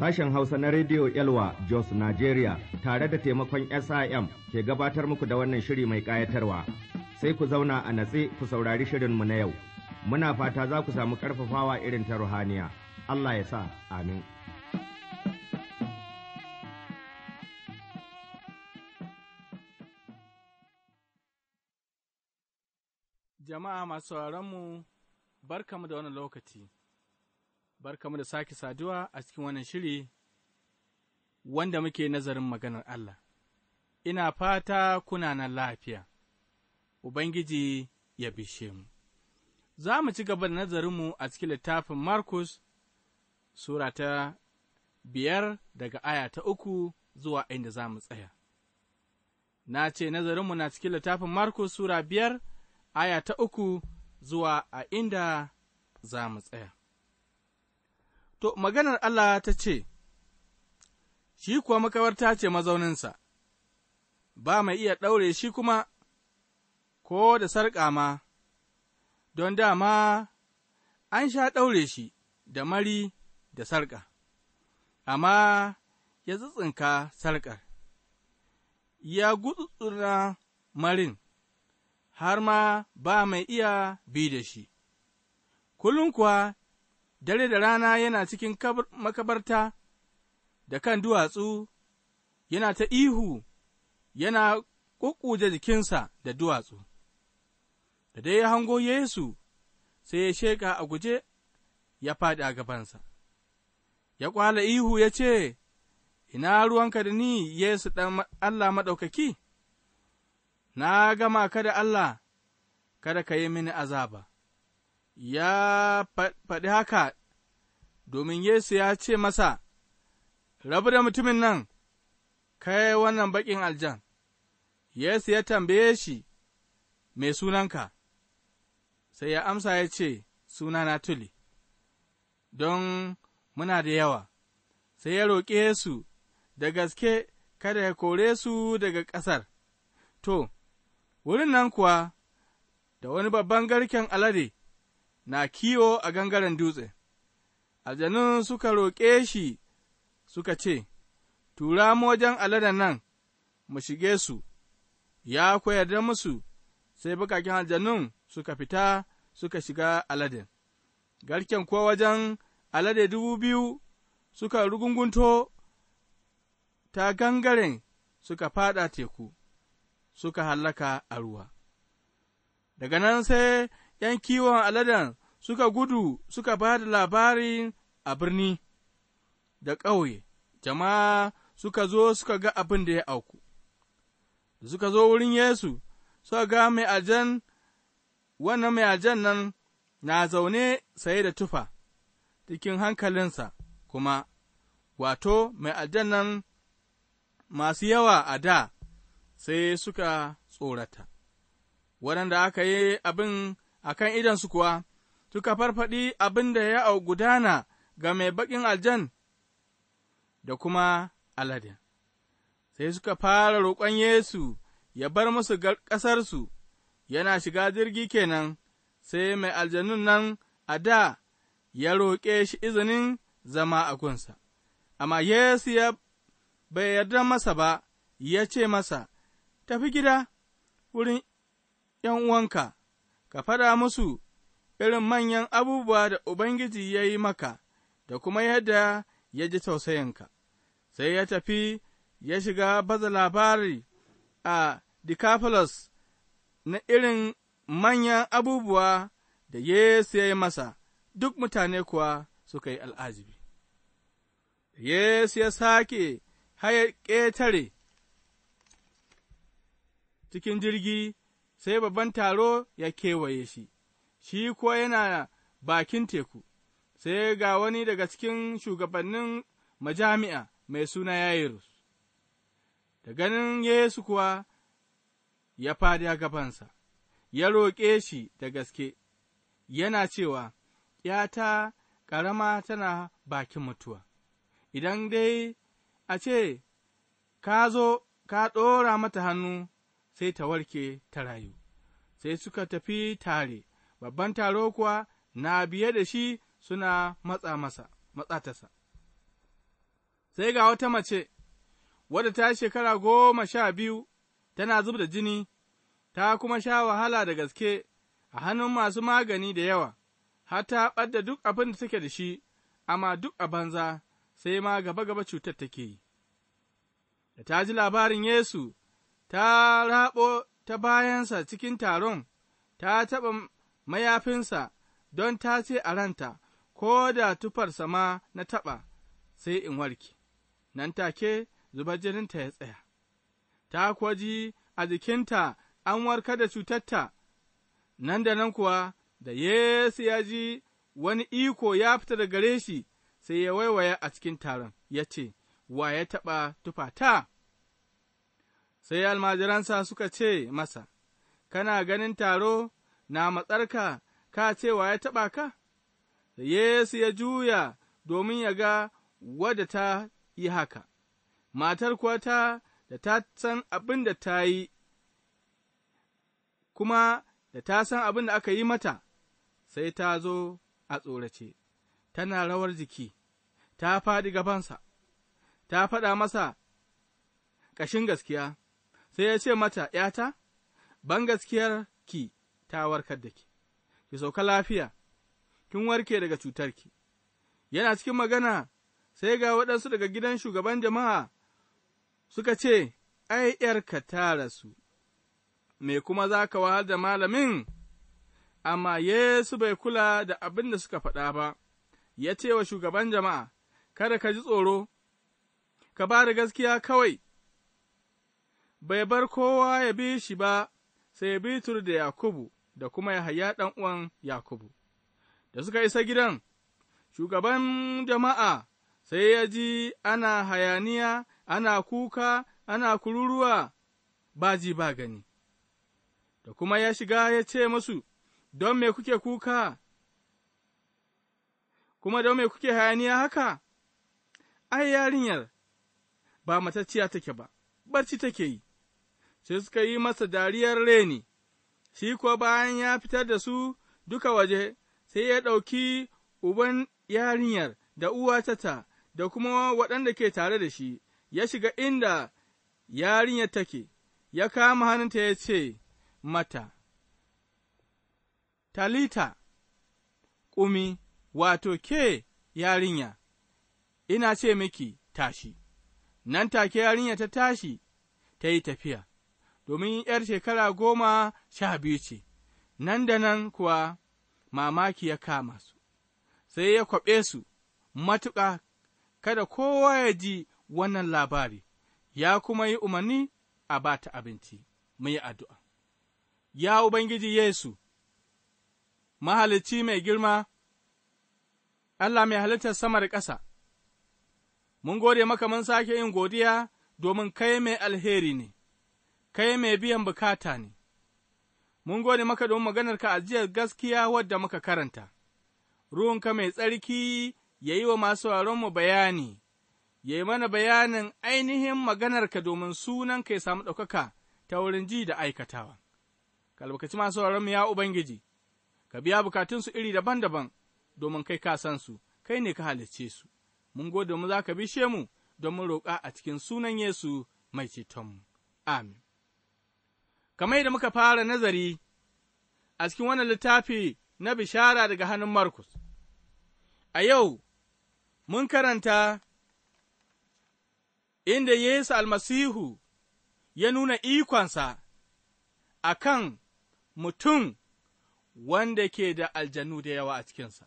Sashen Hausa na Radio Elwa Jos Nigeria tare da taimakon SIM ke gabatar muku da wannan shiri mai ƙayatarwa. Sai ku zauna a natse ku saurari shirinmu na yau. Muna fata za ku samu ƙarfafawa irin ta ruhaniya. Allah ya sa, amin. Jama'a masu mu barka mu da wani lokaci. Bar kamar da sake saduwa a cikin wannan shiri wanda muke nazarin maganar Allah. Ina fata kuna nan lafiya, Ubangiji ya bishe mu. Za mu ci gaba da nazarinmu a cikin littafin Markus, Sura ta biyar daga aya ta uku zuwa inda za mu tsaya. Na ce nazarinmu na cikin littafin Markus Sura biyar, aya ta uku zuwa a inda za mu tsaya. To, maganar Allah ta ce, Shi kuwa makawarta ce mazauninsa, ba mai iya ɗaure shi kuma, ko da sarƙa ma, don dama an sha ɗaure shi da mari da sarƙa, amma ya tsitsinka sarƙar, ya gutsutsuna marin, har ma ba mai iya bi da shi, kullum kuwa dare da rana yana cikin makabarta da kan duwatsu, yana ta ihu, yana ƙuƙuje jikinsa da duwatsu. Da dai ya hango Yesu, sai ya sheƙa a guje ya faɗi a gabansa. Ya ƙwala ihu ya ce, Ina ruwanka da ni, Yesu ɗan Allah maɗaukaki? Na gama kada Allah, kada ka yi mini azaba. ya faɗi haka domin Yesu ya ce masa, Rabu da mutumin nan, kai wannan baƙin aljan, Yesu ya tambaye shi, mai sunanka? Sai ya amsa ya ce, Sunana tuli, don muna da yawa, sai ya roƙe su da gaske kada ya kore su daga ƙasar. To, wurin nan kuwa, da wani babban garken alade na kiwo a gangaren dutse, aljanun suka roƙe shi suka ce, Tura mu wajen aladen nan, mu shige su, ya da musu, sai bukakin aljanun suka fita suka shiga aladen. Garken kuwa wajen alade dubu biyu suka rugungunto ta gangaren suka fada teku, suka hallaka a ruwa. Daga nan sai ’yan kiwon aladen suka gudu suka ba da labari a birni da ƙauye, jama'a suka zo suka ga abin da ya auku, suka zo wurin Yesu suka ga mai ajan, wannan mai ajan nan na zaune saye da tufa cikin hankalinsa kuma, wato, mai ajan nan masu yawa a da sai suka tsorata, waɗanda aka yi abin a kan idansu kuwa suka farfaɗi abin da ya au gudana ga mai baƙin aljan da kuma aladin, sai suka fara roƙon Yesu ya bar musu ƙasarsu, yana shiga jirgi kenan, sai mai aljanun nan a da ya roƙe shi izinin zama a kunsa, amma Yesu ya bai yarda masa ba, ya ce masa, Tafi gida wurin ’yan uwanka, ka faɗa musu irin manyan abubuwa da Ubangiji ya yi maka, da kuma yadda ya ji tausayinka. Sai ya tafi ya shiga baza labari a Decapolis na irin manyan abubuwa da Yesu ya yi masa, duk mutane kuwa suka yi al'ajibi. Yesu ya sake haya ƙetare cikin jirgi sai babban taro ya kewaye shi. shi kuwa yana bakin teku, sai ga wani daga cikin shugabannin majami'a mai suna Yayirus, da ganin Yesu kuwa ya fadi a gabansa, ya roƙe shi da gaske, yana cewa, ‘yata ƙarama tana bakin mutuwa, idan dai a ce, ka zo ka ɗora mata hannu sai ta warke ta rayu, sai suka tafi tare. babban taro kuwa na biye da shi suna matsa masa, tasa. Sai ga wata mace, wadda ta shekara goma sha biyu, tana zub da jini, ta kuma sha wahala da gaske a hannun masu magani da yawa, har ta ɓadda duk abin da take da shi, amma duk a banza sai ma gaba-gaba cutar take yi. Da ta ji labarin Yesu, ta raɓo ta bayansa cikin taron, ta taɓa mayafinsa don ta ce a ranta, ko da tufarsa ma na taɓa sai in warke, nan take zubar jininta ya tsaya, ta kuwa ji a jikinta an warka da cutatta. nan da nan kuwa da Yesu ya ji wani iko ya fita da gare shi sai ya waiwaya a cikin taron ya ce, Wa ya taɓa tufata? Sai almajiransa suka ce masa, Kana ganin taro na matsarka, ka cewa ya taɓa ka? Da Yesu ya juya domin ya ga wadda ta yi haka, matar kuwa ta da ta san abin da ta yi, kuma da ta san abin da aka yi mata, sai ta zo a tsorace, tana rawar jiki, ta faɗi gabansa, ta faɗa masa ƙashin gaskiya, sai ya ce mata, ’yata, ban gaskiyar ki ta warkar da ke, ki sauka lafiya, kin warke daga cutar cutarki. Yana cikin magana, sai ga waɗansu daga gidan shugaban jama'a suka ce, Ai, ’yarka ta rasu, me kuma za ka wahal da malamin? Amma Yesu bai kula da abin da suka faɗa ba, ya ce wa shugaban jama'a, Kada ka ji tsoro, ka ba da gaskiya kawai, bai bar kowa ya bi shi ba, sai Bitur da Yakubu da kuma Yahaya ɗan uwan Yakubu. Da suka isa gidan, shugaban jama'a sai ya ji ana hayaniya, ana kuka, ana kururuwa, ba ba gani, da kuma ya shiga ya ce masu, Don me kuke kuka, kuma don me kuke hayaniya haka? Ai, yarinyar ba matacciya take ba, barci take yi, sai suka yi masa dariyar reni, shi ko bayan ya fitar da su duka waje, sai ya ɗauki uban yarinyar da tata da kuma waɗanda ke tare da shi, ya shiga inda yarinyar take, ya kama hannunta ya ce mata, Talita, ƙumi, wato ke yarinya, ina ce miki tashi, nan take yarinya ta tashi, ta yi tafiya. domin ’yar shekara goma sha biyu ce, nan da nan kuwa mamaki ya kama su, sai ya kwaɓe su matuƙa kada kowa ya ji wannan labari, ya kuma yi umarni a ba ta abinci, mai addu'a. Ya Ubangiji Yesu, mahalicci mai girma, Allah mai halittar sama da ƙasa, mun gode maka mun sake yin godiya domin kai mai alheri ne. kai mai biyan bukata ne, mun gode maka domin maganarka ajiyar gaskiya wadda muka karanta, ruwanka mai tsarki ya yi wa masu mu bayani, ya yi mana bayanin ainihin maganarka domin sunan kai ya samu ɗaukaka ta wurin ji da aikatawa. Kalbukaci masu mu ya Ubangiji, ka biya bukatunsu iri daban-daban domin kai ka san su, kai ne ka halicce su, mun gode mu za ka bishe mu domin roƙa a cikin sunan Yesu mai cetonmu. Amin. kamar yadda muka fara nazari a cikin wannan littafi na bishara daga hannun Markus. A yau, mun karanta inda Yesu almasihu ya nuna ikonsa a kan mutum wanda ke da aljanu da yawa a cikinsa.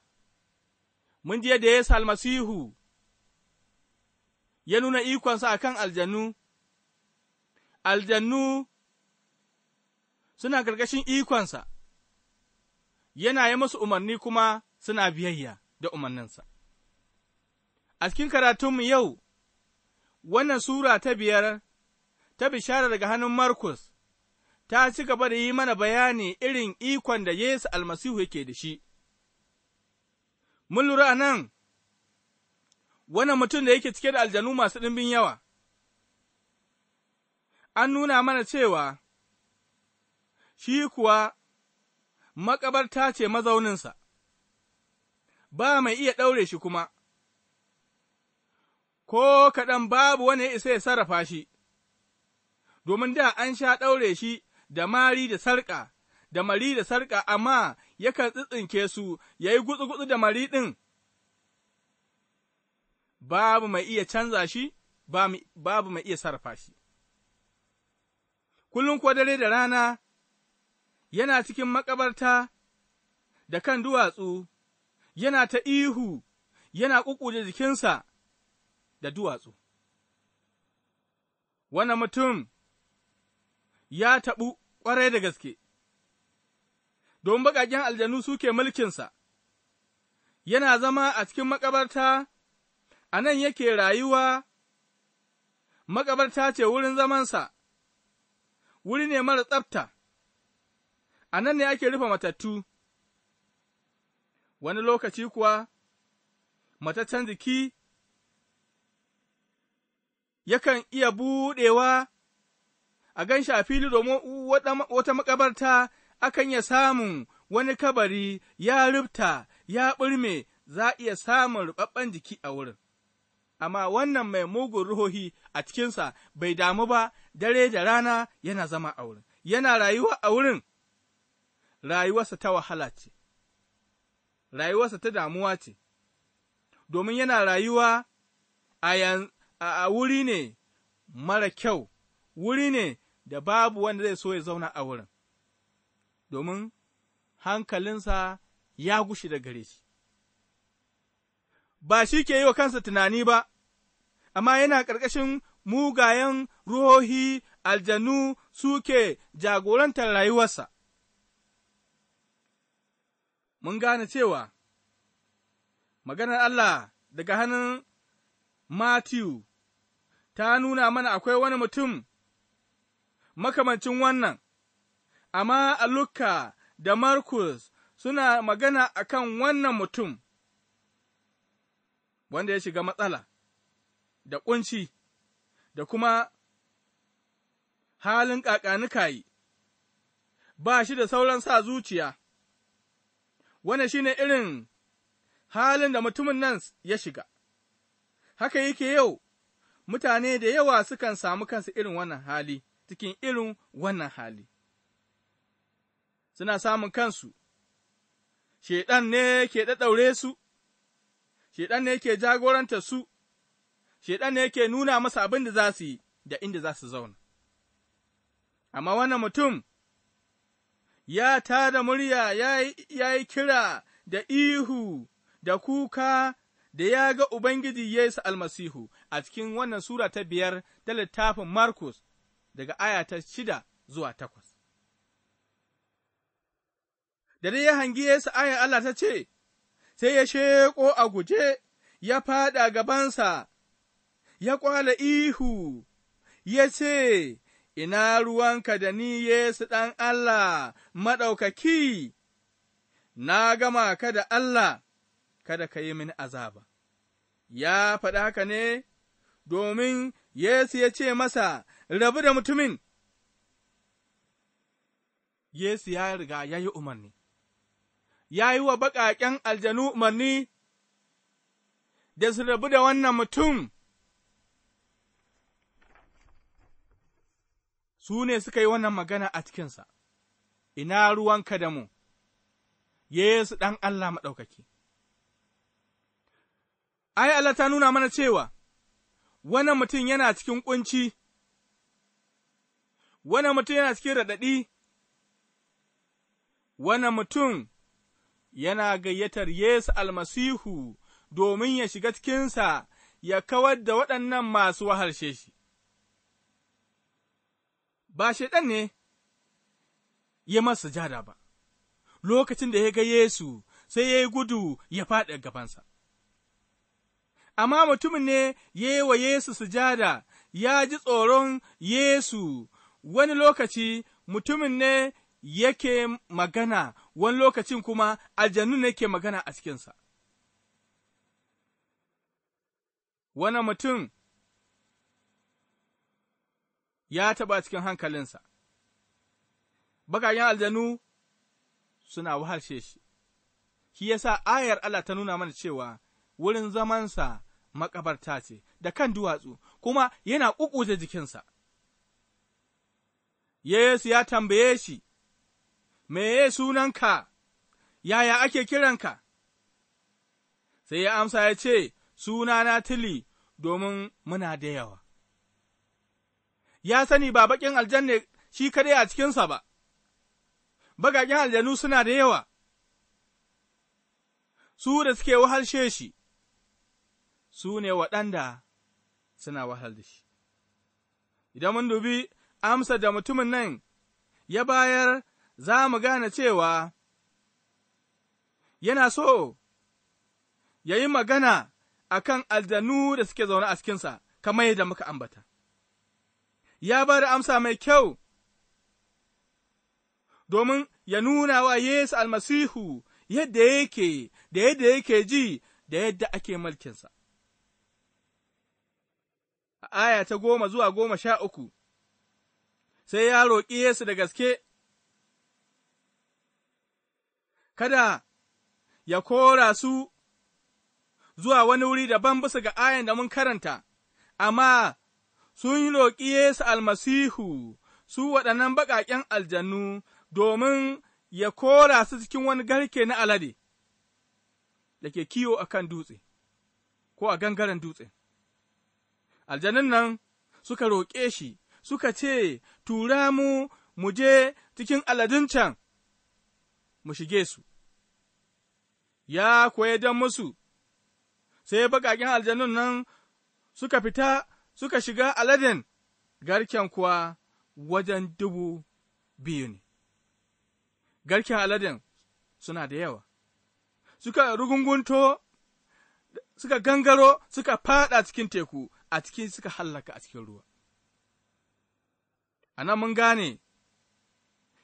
Mun je da Yesu almasihu ya nuna ikonsa a kan aljanu, aljanu suna ƙarƙashin ikonsa, yana yi masu umarni kuma suna biyayya da umarninsa. A cikin karatunmu yau, wannan Sura ta biyar ta bishara daga hannun Markus, ta ci gaba da yi mana bayani irin ikon da Yesu almasihu yake da shi. Mun lura nan, wannan mutum da yake cike da aljanu masu ɗimbin yawa, an nuna mana cewa shi kuwa makabarta ce mazauninsa, ba mai iya ɗaure shi kuma, ko kaɗan babu wani isa ya sarrafa shi, domin da an sha ɗaure shi da mari da sarƙa, da mari da sarƙa, amma yakan tsitsinke su ya yi gutsu-gutsu da mari ɗin, babu mai iya canza shi, babu mai iya sarrafa shi. Kullum kuwa dare da rana yana cikin makabarta da kan duwatsu, yana ta ihu, yana ƙuƙuje jikinsa da duwatsu. Wani mutum ya taɓu ƙwarai da gaske, don baƙaƙen aljanu suke mulkinsa, yana zama a cikin makabarta, a nan yake rayuwa, makabarta ce wurin zamansa, wuri ne mara tsafta. a nan ne ake rufe matattu, wani lokaci kuwa mataccen jiki yakan iya buɗewa a gan a fili domin wata makabarta akan ya samun wani kabari ya rubta ya ɓirme za a iya samun ruɓaɓɓen jiki a wurin. Amma wannan mai mugun ruhohi a cikinsa bai damu ba dare da rana yana zama a wurin, yana rayuwa a wurin. rayuwarsa ta wahala ce, rayuwarsa ta damuwa ce, domin yana rayuwa a wuri ne mara kyau, wuri ne da babu wanda zai so ya zauna a wurin, domin hankalinsa ya gushi da gare shi. Ba shi ke yi wa kansa tunani ba, amma yana ƙarƙashin mugayen ruhohi aljanu suke jagorantar rayuwarsa. mun gane cewa maganar Allah daga hannun Matthew ta nuna mana akwai wani mutum makamancin wannan, amma a Luka da Markus suna magana a kan wannan mutum wanda ya shiga matsala da ƙunci da kuma halin ƙaƙanikayi, ba shi da sauran sa zuciya. wannan shi ne irin halin da mutumin nan ya shiga, haka yake yau, mutane da yawa sukan samu kansu irin wannan hali, cikin irin wannan hali, suna samun kansu, Shaiɗan ne ke ɗaɗɗaure su, Shaiɗan ne ke jagoranta su, Shaiɗan ne ke nuna masa abin da za su yi da inda za su zauna. Amma wannan mutum ya tā da murya ya yi kira da ihu da kuka da ya ga Ubangiji Yesu almasihu a cikin wannan Sura ta biyar da littafin Markus daga aya shida zuwa takwas. Da dai ya hangi Yesu ayan Allah ta ce, sai ya sheƙo a guje, ya faɗa gabansa, ya ƙwala ihu, ya ce, ina ruwanka da ni Yesu ɗan Allah maɗaukaki, na gama ka da Allah, kada ka yi mini azaba. Ya faɗi haka ne, domin Yesu ya ce masa, rabu da mutumin. Yesu ya riga ya yi umarni, ya yi wa baƙaƙen aljanu umarni da su rabu da wannan mutum. su ne suka yi wannan magana a cikinsa, ina ruwanka da mu, Yesu ɗan Allah maɗaukaki. Ai, Allah ta nuna mana cewa, wannan mutum yana cikin ƙunci, wannan mutum yana cikin raɗaɗi, wannan mutum yana gayyatar Yesu almasihu domin ya shiga cikinsa ya kawar da waɗannan masu wahalshe shi. ba Shaiɗan ne ya masa sujada ba, lokacin da ya ga Yesu sai ya yi gudu ya faɗi gabansa. Amma mutumin ne ya yi wa Yesu sujada ya ji tsoron Yesu wani lokaci mutumin ne yake magana wani lokacin kuma aljannu ne ke magana a cikinsa. Wani mutum ya taɓa cikin hankalinsa, bakayen aljanu suna wahalshe shi, shi sa ayar Allah ta nuna mana cewa wurin zamansa makabarta ce da kan duwatsu, kuma yana ƙuƙuje jikinsa. Yesu ya tambaye shi, me sunanka, yaya ake kiranka? Sai ya amsa ya ce, Sunana tili domin muna da yawa. ya sani ba baƙin aljanna shi kadai a cikinsa ba, baƙaƙen aljanu suna da yawa, su da suke wahalshe shi, su ne waɗanda suna wahal da shi. Idan mun dubi amsa da mutumin nan ya bayar za mu gane cewa yana so ya yi magana a kan aljanu da suke zaune a cikinsa, kamar yadda muka ambata. ya ba da amsa mai kyau, domin ya nuna wa Yesu almasihu yadda yake, da yadda yake ji, da yadda ake mulkinsa. A aya ta goma zuwa goma sha uku, sai ya roƙi Yesu da gaske, kada ya kora su zuwa wani wuri daban bisa ga ayan da mun karanta, amma sun yi roƙi Yesu almasihu, su waɗannan baƙaƙen aljanu domin ya kora su cikin wani garke na alade da ke kiwo a kan dutse, ko a gangaren dutse. Aljanun nan suka roƙe shi, suka ce, Tura mu mu je cikin aladun can, mu shige su, ya koya don musu, sai baƙaƙen aljanun nan suka fita suka shiga aladen garken kuwa wajen dubu biyu ne. Garken aladen suna da yawa, suka rugungunto, suka gangaro, suka fada cikin teku, a cikin suka hallaka a cikin ruwa. A nan mun gane,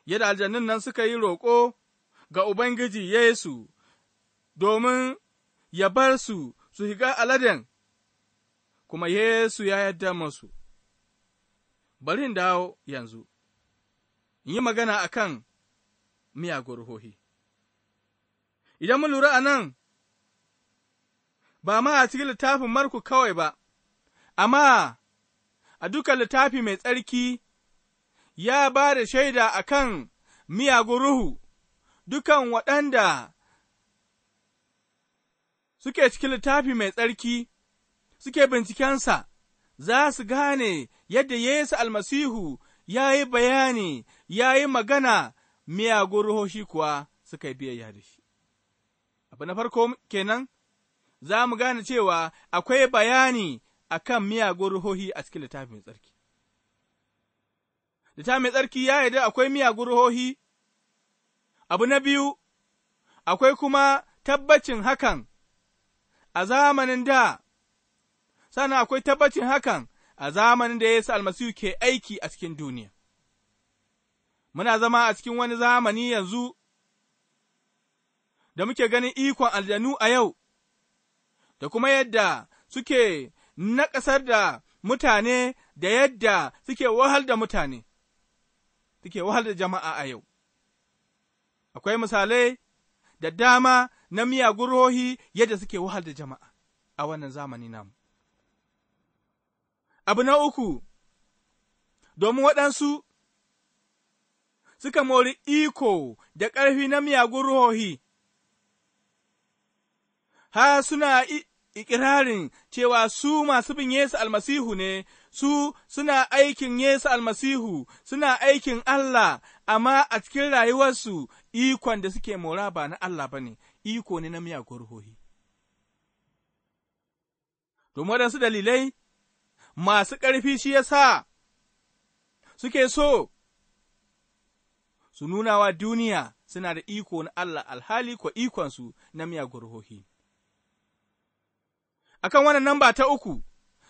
yadda aljanun nan suka yi roƙo ga Ubangiji Yesu domin ya bar su su shiga aladen kuma Yesu ya yarda masu. Bari in dawo yanzu, in yi magana a kan miyagun ruhohi. Idan mun lura a nan, ba ma a cikin littafin Marku kawai ba, amma a duka littafi mai tsarki ya ba da shaida a kan miyagun ruhu, dukan waɗanda suke cikin littafi mai tsarki. suke bincikensa, za su gane yadda Yesu almasihu ya yi bayani, ya yi magana, miyagun ruhoshi kuwa suka yi biyayya da shi. Abu na farko kenan, za mu gane cewa akwai bayani a kan miyagun ruhohi a cikin littafin tsarki. Littafin tsarki ya yarda akwai miyagun ruhohi, abu na biyu, akwai kuma tabbacin hakan a zamanin da sannan akwai tabbacin hakan a zamanin da Yesu almasihu ke aiki a cikin duniya. Muna zama a cikin wani zamani yanzu da muke ganin ikon aljanu a yau, da kuma yadda suke naƙasar da mutane da yadda suke wahal da mutane, suke wahal da jama'a a yau. Akwai misalai da dama na miyagun rohi yadda suke wahal da jama'a a wannan zamani namu. Abu na uku, domin waɗansu suka mori iko da ƙarfi na miyagun ruhohi, ha suna ikirarin cewa su masu bin Yesu almasihu ne, su suna aikin Yesu almasihu, suna aikin Allah, amma a cikin rayuwarsu ikon da suke mora ba na Allah ba ne, iko ne na miyagun ruhohi. Domin waɗansu dalilai masu ƙarfi shi ya sa suke so su nuna wa duniya suna da iko na Allah alhali ko ikonsu na miyagun ruhohi. Akan wannan namba ta uku,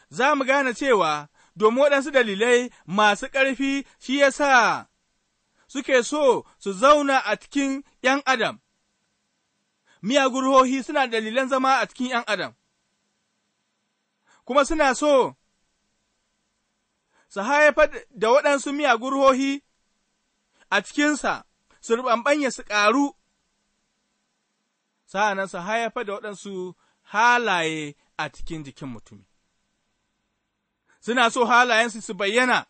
za mu gane cewa domin waɗansu dalilai masu ƙarfi shi ya sa suke so su zauna a cikin ’yan Adam, miyagun ruhohi suna dalilan zama a cikin ’yan Adam, kuma suna so su haifar da waɗansu miyagun ruhohi a cikinsa, su ruɓanɓanya su ƙaru, sa'an su haifar da waɗansu halaye a cikin jikin mutum Suna so halayensu su bayyana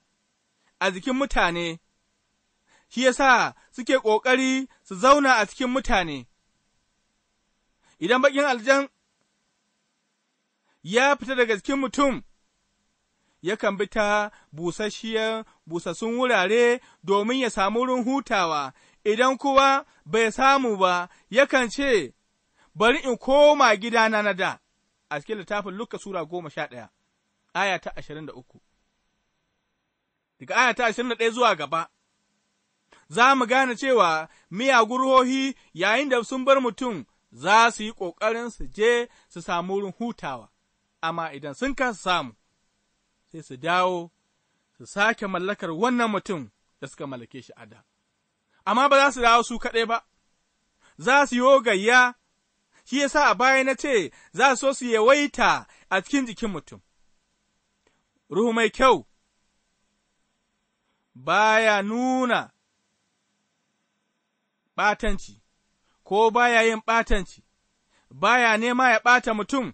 a jikin mutane, shi ya sa suke ƙoƙari su zauna a cikin mutane. Idan baƙin aljan ya fita daga jikin mutum, yakan bi ta busasshiyar busassun wurare domin ya samu wurin hutawa, idan kuwa bai samu ba, yakan ce, Bari in koma gidana na da, a cikin littafin Luka Sura goma sha ɗaya, aya ta ashirin da uku. Daga aya ta ashirin da ɗaya zuwa gaba, za mu gane cewa miyagun ruhohi yayin da sun bar mutum za su yi ƙoƙarin su je su samu wurin hutawa, amma idan sun kasa samu, sai su dawo su sake mallakar wannan mutum da suka mallake shi a da. Amma ba za su dawo su kaɗai ba, za su yi gayya, shi ya sa a baya na ce za su so su yawaita a cikin jikin mutum. Ruhu mai kyau baya nuna ɓatanci, ko baya yin ɓatanci, baya nema ya ɓata mutum,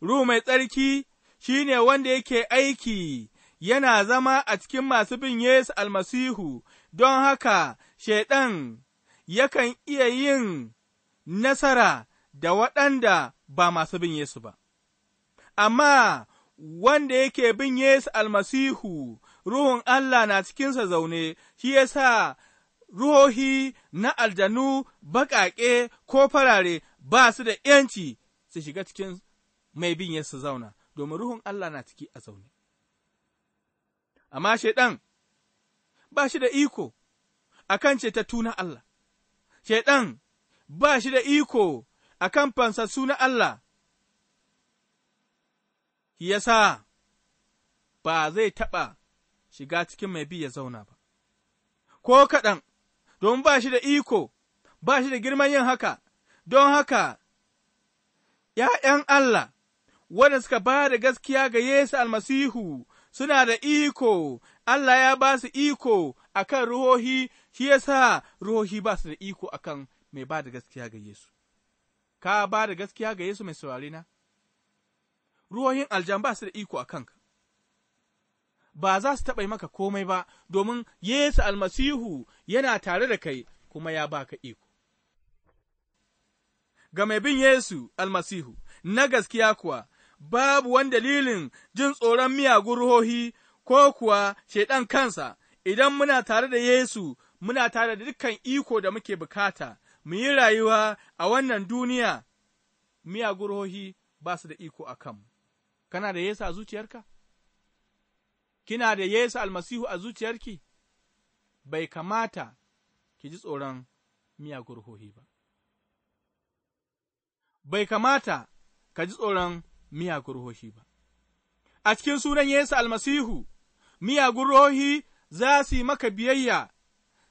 Ruhu mai tsarki shi ne wanda yake aiki yana zama a cikin masu bin Yesu almasihu, don haka Shaiɗan yakan iya yin nasara da waɗanda ba masu bin Yesu ba. Amma wanda yake bin Yesu almasihu, Ruhun Allah na cikinsa zaune, shi ya sa ruhohi na aljanu baƙaƙe ko farare ba su da ’yanci su shiga cikin mai bin Yesu zauna. domin Ruhun Allah na ciki a zaune. Amma Shaiɗan ba shi da iko a kan cetattu na Allah, Shaiɗan ba shi da iko a kan fansassu na Allah, ya sa ba zai taɓa shiga cikin mai bi ya zauna ba, ko kaɗan, don ba shi da iko, ba shi da girman yin haka, don haka, ’ya'yan Allah waɗanda suka ba da gaskiya ga Yesu almasihu suna da iko, Allah ya ba su iko a kan ruhohi, shi ya sa ruhohi ba su da iko a kan mai ba da gaskiya ga Yesu. Ka ba da gaskiya ga Yesu mai saurari na? Ruhohin aljan ba su da iko a kanka. Ba za su taɓa maka komai ba, domin Yesu almasihu yana tare da kai kuma ya baka iko. Ga mai bin Yesu almasihu, na gaskiya kuwa, babu wani dalilin jin tsoron miyagun ruhohi ko kuwa Shaiɗan kansa, idan muna tare da Yesu, muna tare da dukkan iko da muke bukata, mu yi rayuwa a wannan duniya, miyagun ruhohi ba su da iko a kanmu. Kana da Yesu a zuciyarka? Kina da Yesu almasihu a zuciyarki? Bai kamata ki ji tsoron miyagun ruhohi ba. Bai kamata ka ji tsoron miyagun ruhohi ba. A cikin sunan Yesu almasihu, miyagun ruhohi za su yi maka biyayya,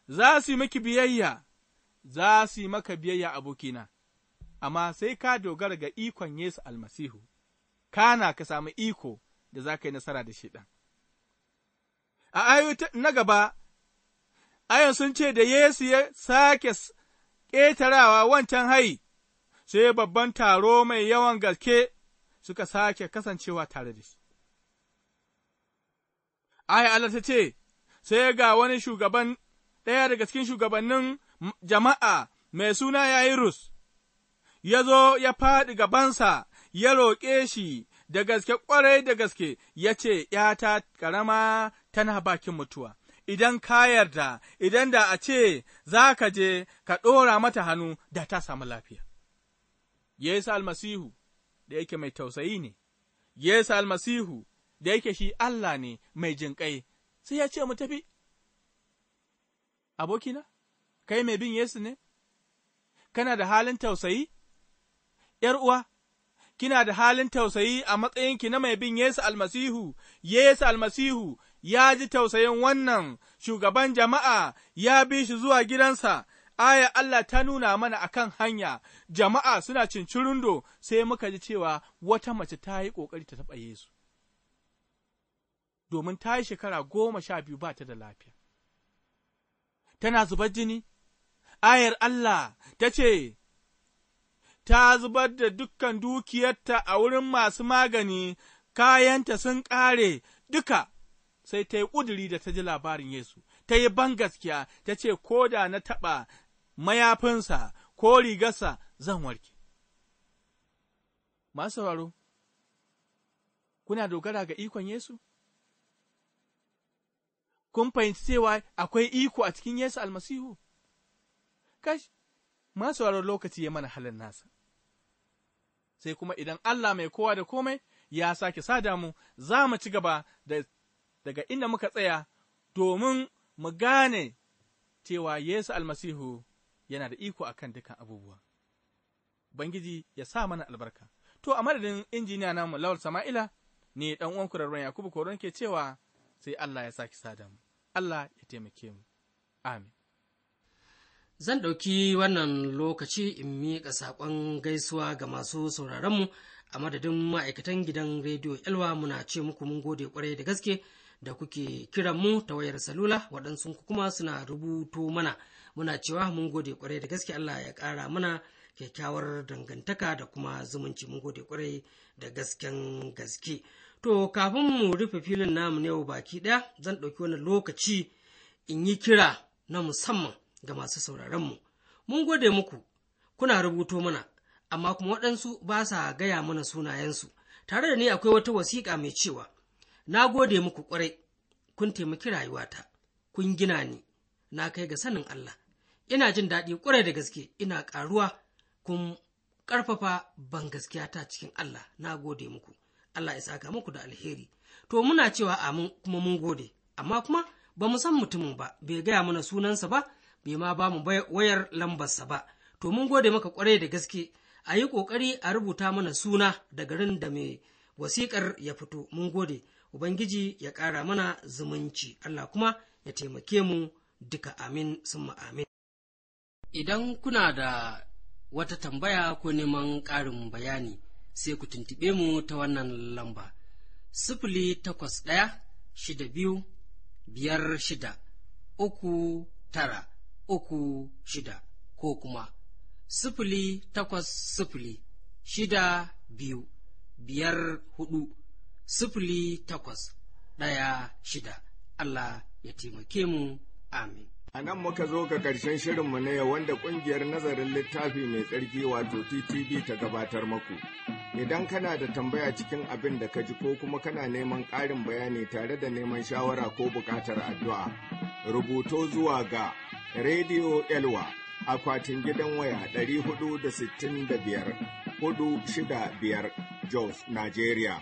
za su yi maki biyayya, za su yi maka biyayya abokina, amma sai ka dogara ga ikon Yesu almasihu, kana ka samu iko da za ka yi nasara da shi ɗan. A ayo na gaba, ayon sun ce da Yesu ya sake ƙetarawa wancan hai, sai babban taro mai yawan gaske suka sake kasancewa tare da shi. ai Allah ta ce, sai ga wani shugaban ɗaya daga cikin shugabannin jama'a mai suna rus ya zo ya faɗi gabansa, ya roƙe shi da gaske ƙwarai da gaske, ya ce, ‘yata ƙarama tana bakin mutuwa, idan ka yarda, idan da a ce za ka je ka ɗora mata hannu da ta samu lafiya. Yesu almasihu da yake mai tausayi ne, Yesu almasihu da yake shi Allah ne mai jinƙai, sai ya ce mu tafi. Abokina, kai mai bin Yesu ne? Kana da halin tausayi? ’Yar uwa, kina da halin tausayi a matsayinki na mai bin Yesu almasihu, Yesu almasihu ya ji tausayin wannan shugaban jama'a ya bi shi zuwa gidansa, aya Allah ta nuna mana akan hanya, jama'a suna do sai muka ji cewa wata mace ta yi ƙoƙari ta taɓa Yesu. Domin ta yi shekara goma sha biyu ba ta da lafiya. Tana zubar jini, ayar Allah ta ce, Ta zubar da dukkan dukiyarta a wurin masu magani, kayanta sun ƙare duka, sai ta yi ƙuduri da ta ji labarin Yesu. ta yi ban gaskiya ta ce, Ko da na taɓa mayafinsa ko rigarsa zan warke. Masu sauraro, kuna dogara ga ikon Yesu? Kun fahimci cewa akwai iko a cikin Yesu almasihu? Kash, masu sauraro lokaci ya mana halin nasa. Sai kuma idan Allah mai kowa da komai ya sake sada mu, za mu ci gaba daga inda muka tsaya domin mu gane cewa Yesu almasihu yana da iko akan dukan abubuwa. Bangiji ya sa mana albarka. To, a madadin injiniya namu Lawal Sama'ila, ne ɗan uwan kurarren Yakubu Koron ke cewa sai Allah ya saki sada mu. Allah ya taimake mu. Amin. Zan ɗauki wannan lokaci in miƙa saƙon gaisuwa ga masu sauraronmu a madadin ma'aikatan gidan rediyo Elwa muna ce muku mun gode kwarai da gaske da kuke kiran mu ta wayar salula waɗansu kuma suna rubuto mana. muna cewa mun gode kwarai da gaske Allah ya ƙara mana kyakkyawar dangantaka da kuma zumunci mun gode kwarai da gasken gaske to kafin mu rufe filin namu yau baki ɗaya zan ɗauki wani lokaci in yi kira na musamman ga masu sauraronmu mun gode muku kuna rubuto mana amma kuma waɗansu ba sa gaya mana sunayensu tare da ni akwai wata wasiƙa mai cewa na gode muku ƙwarai kun taimaki rayuwata kun gina ni na kai ga sanin Allah ina jin daɗi ƙwarai da gaske ina ƙaruwa kun ƙarfafa ban gaskiya ta cikin Allah na gode muku Allah ya saka muku da alheri to muna cewa amin kuma mun gode amma kuma ba mu san mutumin ba bai gaya mana sunansa ba bai ma ba mu wayar lambarsa ba to mun gode maka ƙwarai da gaske a yi ƙoƙari a rubuta mana suna da garin da mai wasiƙar ya fito mun gode ubangiji ya ƙara mana zumunci allah kuma ya taimake mu duka amin summa amin Idan kuna da wata tambaya ko neman ƙarin bayani sai ku tuntube mu ta wannan lamba. Sifili takwas ɗaya shida biyu biyar shida uku tara uku shida ko kuma sifili takwas sifili shida biyu biyar hudu sifili takwas ɗaya shida Allah ya taimake mu amin. A nan muka zo ga ƙarshen shirinmu na yau wanda ƙungiyar nazarin littafi mai tsarki wato TTV ta gabatar maku. Idan kana da tambaya cikin abin da ka ji ko kuma kana neman ƙarin bayani tare da neman shawara ko buƙatar addu'a, rubuto zuwa ga Radio Elwa akwatin gidan waya 465 465 Jos, Nigeria.